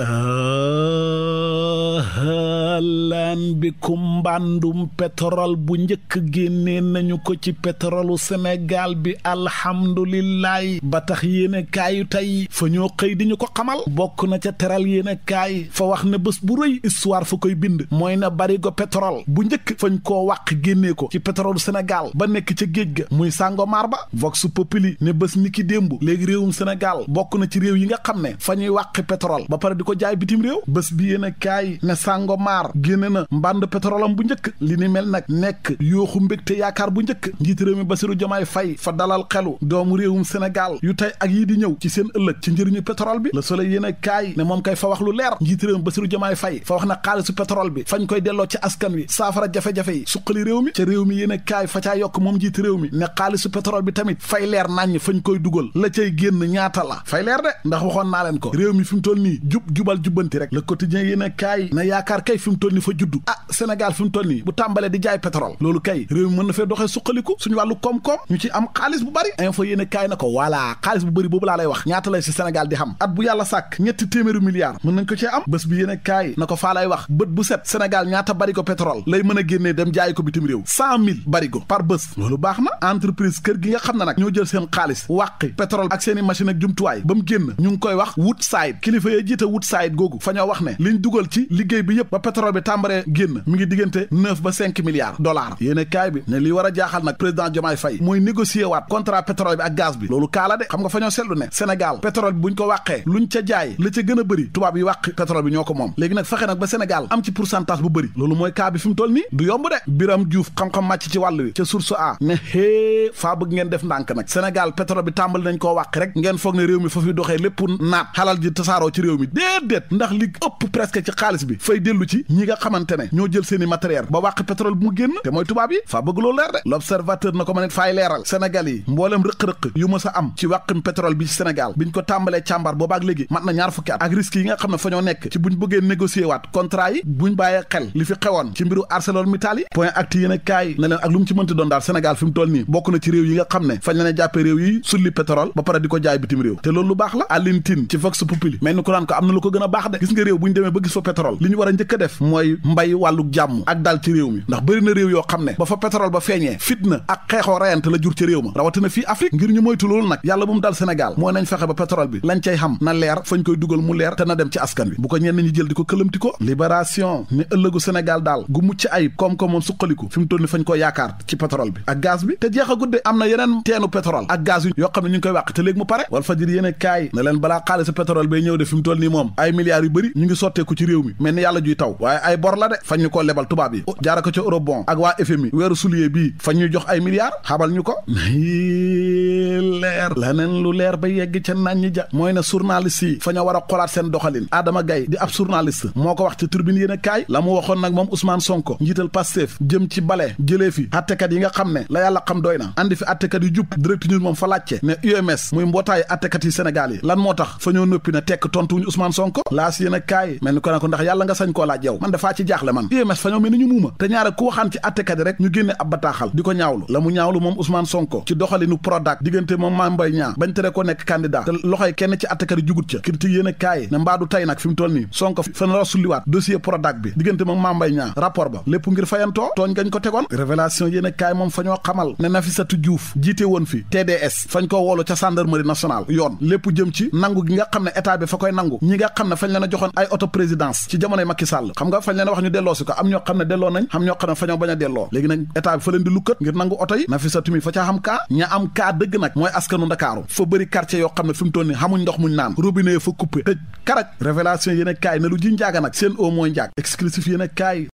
Uh... waan bikum mbàndum bu njëkk génnee nañu ko ci pétrolu Sénégal bi alhamdulillahi ba tax yéene kaayu tey fa ñoo xëy di ñu ko xamal bokk na ca teral yéene kaay fa wax na bës bu rëy histoire fa koy bind mooy na barigo pétrole bu njëkk fañ ko wàq génnee ko ci pétrolu Sénégal ba nekk ca géej ga muy Sangomar ba Vox Populi ne bés ni ki démb léegi réewum Sénégal bokk na ci réew yi nga xam ne fa ñuy wàq pétrole ba pare di ko jaay bitim réew bés na mbànd pétrolam bu njëkk li ni mel nag nekk yooxu mbégte yaakaar bu njëkk njiit réew mi Basiru Jomaay Fay fa dalal xelu doomu réewum Sénégal yu tey ak yi di ñëw ci seen ëllëg ci njëriñu pétrole bi Le Soleil yéen a ne moom kay fa wax lu leer njiit réew mi Basiru Jomaay Fay fa wax na xaalisu pétrole bi fañ koy delloo ci askan wi saafara jafe-jafe yi suqali réew mi ca réew mi yéen a fay leer naññ fañ koy dugal la cay génn ñaata la fay leer de ndax waxoon naa leen ko réew mi fi mu nii jub jubal jubbanti rek Le Quotidien yéen a juddu ah Sénégal fi mu toll nii bu tàmbalee di jaay pétrole loolu kay réew mi mën na fee doxee suqaliku suñu wàllu koom-koom ñu ci am xaalis bu bari kaay na ko voilà xaalis bu bëri boobu laa lay wax ñaata lay si Sénégal di xam at bu yàlla sàkk ñetti téeméeri milliards mën nañ ko cee am bés bi yéen kaay na ko faa lay wax bët bu set Sénégal ñaata bari ko pétrole lay mën a génnee dem jaay ko bitim réew cent mille barigo par bés loolu baax na entreprise kër gi nga xam ne nag ñoo jël seen xaalis wàqi pétrole ak seeni machine ak jumtuwaay ba mu génn ñu ngi koy wax Woodside kilifa ya jiite Woodside googu fa ñoo wax ne liñ dugal ci liggéey bi yëpp ba pétrole bi tàmbaree waree génn mi ngi diggante neuf ba cinq milliards dollars kaay bi ne lii a jaaxal nag président Diomaye Faye mooy négocier waat contrat pétrole bi ak gaz bi loolu kaala de xam nga fa ñoo seetlu ne Sénégal pétrole bi buñ ko wàqee luñ ca jaay la ca gën a tubaab yi wàq pétrole bi ñoo ko moom léegi nag fexe nag am ci pourcentage bu bëri loolu mooy kaa bi fi mu du yomb de Biram Diouf xam-xam màcc ci wàll wi ca source a ne hée faa bëgg ngeen def ndànk nag xamante ñoo jël seen i ba wàq pétrole bu mu génn te mooy tubaab yi faa bëgg loolu leer de l' observateur na ko ma nit faay leeral Sénégal yi mboolem rëq-rëq yu mës am ci wàqim pétrole bi ci Sénégal biñ ko tàmbalee càmbar boobaak léegi mat na ñaar fukki at ak risque yi nga xam ne fa nekk ci buñ bëggee négocier waat yi buñ bàyyee xel li fi xewoon ci mbiru ArcelorMittal yi point acte yéen kaay na leen ak lu ci mënti doon daal Sénégal mbay wàllu jàmm ak dal ci réew mi ndax bëri na réew yoo xam ne ba fa pétrole ba feeñee fitna ak xeexoo rayante la jur ci réew ma rawatina fii Afrique ngir ñu moytu loolu nag yàlla bu mu dal Sénégal mooy nañ fexe ba pétrole bi lañ cay xam na leer fañ koy dugal mu leer te na dem ci askan wi bu ko ñenn ñi jël ko këlamti ko libération ni ëllëgu Sénégal daal gu mucc ayib koom-koom moom suqaliku fi mu ni fañ ko yaakaar ci pétrole bi ak gaz bi te jeex a gudde am na la de fañ ñu ko lebal tubaab yi jaara ko ca Europe bon ak waa FMI weeru soulier bii fañ ñu jox ay milliards xabal ñu ko leer laneen lu leer ba yegg ca naan ñi ja mooy ne journaliste yi fa ñoo war a xolaat seen doxalin Adama Gaye di ab journaliste moo ko wax ci tribune yéen a la mu waxoon nag moom Ousmane Sonko njiital Pastef jëm ci bale jëlee fi attekat yi nga xam ne la yàlla xam doy na andi fi attekat yu jub direct moom fa laajte ne UMS muy mbootaayu attekat yi Sénégal yi lan moo tax fa ñoo noppi ne tekk tontuwuñu Ousmane Sonko laas yéen a kaay mel ni ko ne ko ndax yàlla nga sañ koo laaj jaaxle man UMS fa ñu muuma te ñaare ku waxaan ci attekat rek ñu génne ab bataaxal di ko ñaawlu la mu ñaawlu moom Ousmane Sonko ci doxalinu Prodac diggante moom Mame Mbaye Niang bañ tere ko nekk candidat te loxoy kenn ci attekat jugut ca critique yéen kaay ne mbaadu tay nag fi mu nii Sonko fa sulliwaat dossier Prodac bi diggante moom Mame Mbaye Niang ba lépp ngir fayantoo tooñ gañ ko tegoon révélation yéen kaay moom fa ñoo xamal ne Nafissatou wax ñu delloo si ko am ñoo xam ne delloo nañ xam ñoo xam ne fa ñoo bañ a delloo léegi nag état bi fa leen di lukkat ngir nangu oto yi na fi sa tumi fa caa xam kaa ña am kaa dëgg nag mooy askanu ndakaaru fa bëri quartier yoo xam ne fi mu ni xamuñ ndox muñ naan robinet fa coupé tëj karak révélation yéen kaay ne lu ji njaaga nag seen au mooy njaag exclusif yéen kaay